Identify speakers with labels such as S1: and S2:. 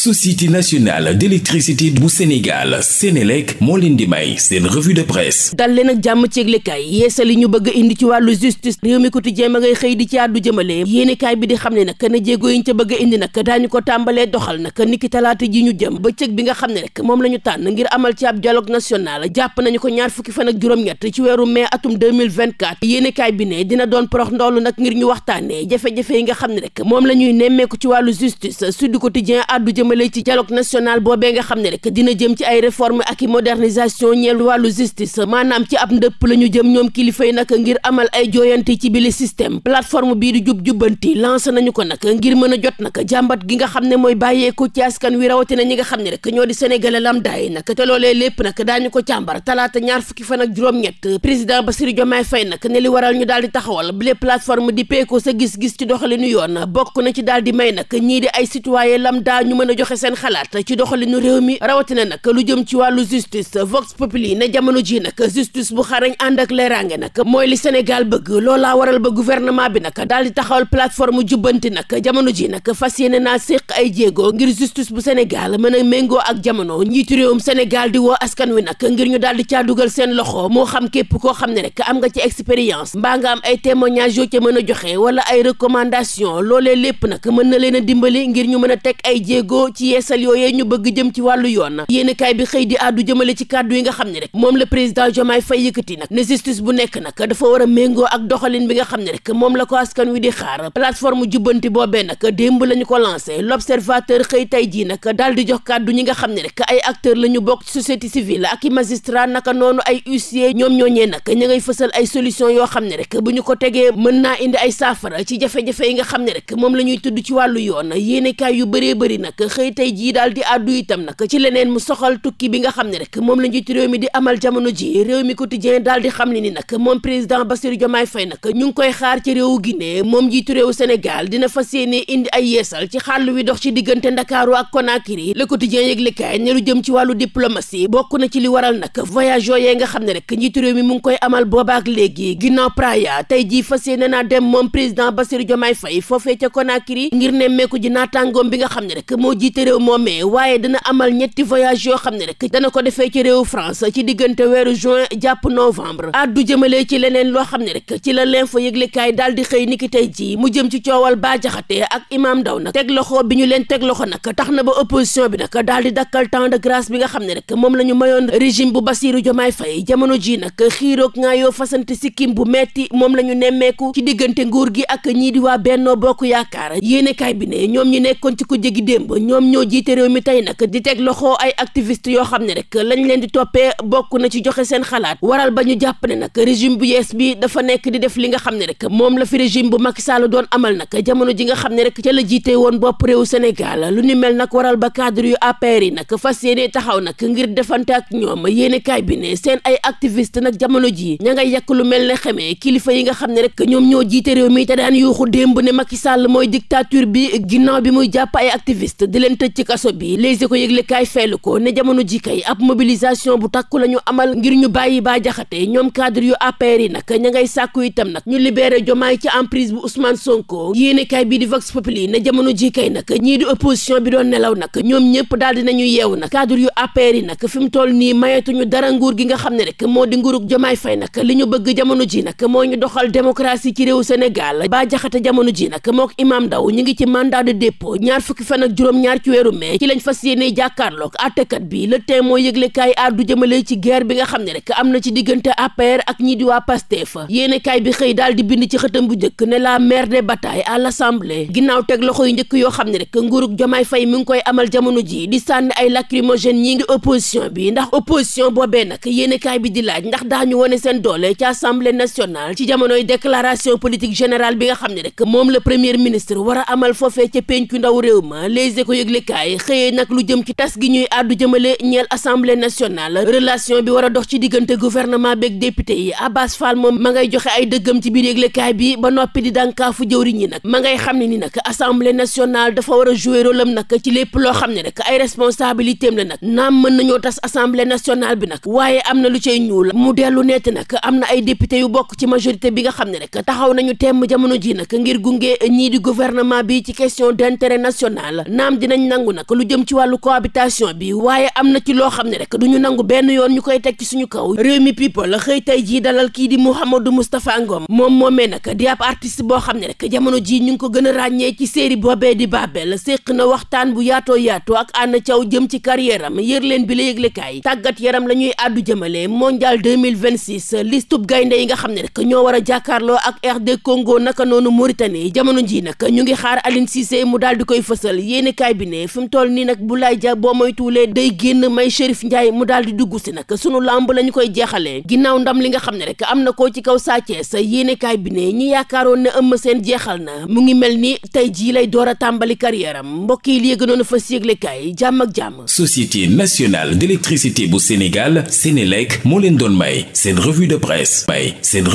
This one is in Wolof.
S1: société nationale d'électricité bu Sénégal Sénélec moo leen di may seen revue de presse dal leen jàmm ci yëglekaay yeesali ñu bëgg indi ci wàllu justice réew mi quotidien ma ngay xëy di ci àddu jëmale yéenekaay bi di xam ne nag na yi yiñ ca bëgg a indi nag daañu ko tàmbalee doxal nag niki talaata ji ñu jëm ba bëccëg bi nga xam ne rek moom la ñu tànn ngir amal ci ab dialogue national jàpp nañu ko ñaar fukki fan ak juróom-ñett ci weeru mai atum 2024 yéenekaay bi ne dina doon porox ndoolu nag ngir ñu waxtaanee jafe nga xam ne rek moom la ñuy nemmeeku ci wàllu jëmale ci dialogue national boobee nga xam ne rek dina jëm ci ay réforme ak i modernisation ñeel wàllu justice maanaam ci ab ndëpp la ñu jëm ñoom kilifa yi nag ngir amal ay jooyante ci bile système plateforme bii di jub jubbanti lancé nañu ko nag ngir mën a jot na jàmbat gi nga xam ne mooy bàyyeeku ci askan wi rawatina ñi nga xam ne rek ñoo di sénégalais lambda yi nag te loolee lépp nag daañu ko càmbar talaata ñaar fukki fan ak juróom-ñett président Bassirou Diomaye Faye nag ne li waral ñu daal di taxawal bile plateforme di peeko sa gis-gis ci doxalinu yoon bokk na ci daal di may nag ñii di ay citoyen lambda ñu mën a joxe seen xalaat ci doxalinu réew mi rawatina nag lu jëm ci wàllu justice Vox Populi ne jamono ji nag justice bu xarañ ànd ak leeraange nag mooy li Sénégal bëgg loolaa waral ba gouvernement bi nag daal di taxawal plateforme jubbanti nag jamono ji nag fas yéene naa séq ay jéego ngir justice bu Sénégal mën a méngoo ak jamono njiitu réewum Sénégal di woo askan wi nag ngir ñu daal di caa dugal seen loxo moo xam képp koo xam ne rek am nga ci expérience mbaa nga am ay témoignages yoo ca a joxe wala ay recommandations loolee lépp nag a teg taxaw ci yeesal yooyee ñu bëgg jëm ci wàllu yoon yéenekaay bi xëy di àddu jëmale ci kàddu yi nga xam ne rek moom la président Diomaye Faye yëkkati nag ne justice bu nekk nag dafa war a méngoo ak doxalin bi nga xam ne rek moom la ko askan wi di xaar plateforme jubbanti boobee nag démb la ñu ko lancé l'observateur xëy tey jii nag daal di jox kàddu ñi nga xam ne rek ay acteur la ñu bokk ci société civile ak i magistrat naka noonu ay huissier ñoom ñooñee nag ña ngay fësal ay solution yoo xam ne rek bu ñu ko tegee mën naa indi ay saafara ci jafe yi nga xam ne rek moom la ñuy tudd ci wàllu yoon na yéenekaay yu bëree bëri nag xëy tey jii daal di àddu itam nag ci leneen mu soxal tukki bi nga xam ne rek moom la njiitu réew mi di amal jamono ji réew mi quotidien daal di xam ne ni nag moom président Bassirou Diomaye Faye nag ñu ngi koy xaar ci réewu Guinée moom njiitu réewu Sénégal dina fas yéene indi ay yeesal ci xàll wi dox ci diggante Ndakaaru ak Conakry le quotidien yëglekaay ne lu jëm ci wàllu diplomatie bokk na ci li waral nag voyage yooyee nga xam ne rek njiitu réew mi mu ngi koy amal boobaak léegi ginnaaw Praia tey ji fas yéene naa dem moom président Bassirou Diomaye Faye foofee ca Conakry ngir ji naataangoom bi nga xam njiite réew moomee waaye dana amal ñetti voyage yoo xam ne rek dana ko defee ci réew France ci diggante weeru juin jàpp novembre addu jëmalee ci leneen loo xam ne rek ci la leen l'info yëglekaay daal di xëy niki tey jii mu jëm ci coowal Bah Diakhaté ak Imam Ndaw nag teg loxo bi ñu leen teg loxo nag tax na ba opposition bi nag daal di dakkal temps de grâce bi nga xam ne rek moom la ñu mayoon régime bu Bassirou Diomaye Faye jamono jii nag xiiroog ngaayoo fasante sikkim bu metti moom la ñu nemmeeku ci diggante nguur gi ak ñii di waa Bennoo Bokk Yaakaar yéenekaay bi ne ñoom ñu nekkoon ci ku jégi démb ñoom ñoo jiite réew mi tey nag di teg loxo ay activiste yoo xam ne rek lañ leen di toppee bokk na ci joxe seen xalaat waral ba ñu jàpp ne nag régime bu yees bi dafa nekk di def li nga xam ne rek moom la fi régime bu Macky Sall doon amal nag jamono ji nga xam ne rek ca la jiite woon bopp réew Sénégal lu ni mel nag waral ba cadre yu APR yi nag fas yéene taxaw nag ngir defante ak ñoom yéene kaay bi ne seen ay activiste nag jamono jii ña ngay yàq lu mel ne xamee kilifa yi nga xam ne rek ñoom ñoo jiite réew mi te daan démb ne Macky Sall mooy dictature bi ginnaaw bi muy jàpp ay activiste di leen leen tëj ci kaso bi Les Échos yëglekaay feelu ko ne jamono ji kay ab mobilisation bu takku la ñu amal ngir ñu bàyyi Bah Diakhaté ñoom cadre nag ña ngay sàkku itam nag ñu libéré Diomaye ci emprise bu Ousmane Sonko yéenekaay bii di Vox Populi ne jamono ji kay nag ñii di opposition bi doon nelaw nag ñoom ñëpp daal dinañu yeewu nag cadre yu APR yi nag fi mu toll nii ñu dara nguur gi nga xam ne rek moo di nguurug Diomaye fay nag li ñu bëgg jamono jii nag moo ñu doxal démocratie ci réew Sénégal Bah Diakhaté jamono ji nag mook Imam Ndaw ñu ngi ci mandat de dépôt ñaar fukki fan ak juróom ñaar ci weeru mai ci lañ fas yéene jàkkaarloog àttekat bi le temps moo yëglekaay àddu jëmale ci guerre bi nga xam ne rek am na ci diggante APR ak ñi di waa Pastef yéenekaay bi xëy daal di bind ci xëtam bu njëkk ne la mère des batailles à l'Assemblée ginnaaw teg loxo yu njëkk yoo xam ne rek nguurug Jomaay Fay mi ngi koy amal jamono ji di sànni ay lacrymogènes ñi ngi opposition bi ndax opposition boobee nag yéenekaay bi di laaj ndax daañu wone seen doole ci Assemblée nationale ci jamonoy déclaration politique bi nga xam ne rek moom a amal foofee ca penku ndaw yëglekaay xëyee nag lu jëm ci tas gi ñuy àddu jëmale ñeel assemblée nationale relation bi war a dox ci diggante gouvernement beeg député yi Abbas Fall moom ma ngay joxe ay dëggam ci biir yëglekaay bi ba noppi di dànkaafu jëwriñ ñi nag ma ngay xam ne ni nag assemblée nationale dafa war a jouer rôle am nag ci lépp loo xam ne rek ay responsabilité am la nag naam mën nañoo tas assemblée nationale bi nag waaye am na lu cay ñuul mu dellu nett nag am na ay député yu bokk ci majorité bi nga xam ne rek taxaw nañu temm jamono ji nag ngir gunge ñii di gouvernement bi ci question d'intérêt national naam dinañ nangu nag lu jëm ci wàllu cohabitation bi waaye am na ci loo xam ne rek du ñu nangu benn yoon ñu koy teg ci suñu kaw réew mi people la xëy tey jii dalal kii di Mouhamadou Moustapha Ngom moom moomee nag di ab artiste boo xam ne rek jamono jii ñu ngi ko gën ràññee ci série boobee di Babel séq na waxtaan bu yaatoo yaatoo ak Anna Thiaw jëm ci carrière am yër leen bi la yëglekaay tàggat yaram la ñuy àddu jëmale mondial 2026 listub gaynde yi nga xam ne rek ñoo war a jàkkaarloo ak RD Congo naka noonu Mauritanie jamono ji nag ñu ngi xaar Aline Cissé mu daal di koy fësal yéenekaay cabinet fi mu toll nii nag Boulaye Dia boo moytuwulee day génn may Chérif Ndiaye mu daal di dugg si nag sunu làmb lañu koy jeexalee ginnaaw ndam li nga xam ne rek am na koo ci kaw Sa Thiès yéenekaay bi ne ñi yaakaaroon ne Eumeu seen jeexal na mu ngi mel ni tey jii lay door a tàmbali carrière am mbokk yi léegi noonu fas yëglekaay jàmm ak jàmm. Société nationale d'électricité bu Sénégal Sénélec moo leen doon may seen revue de presse may seen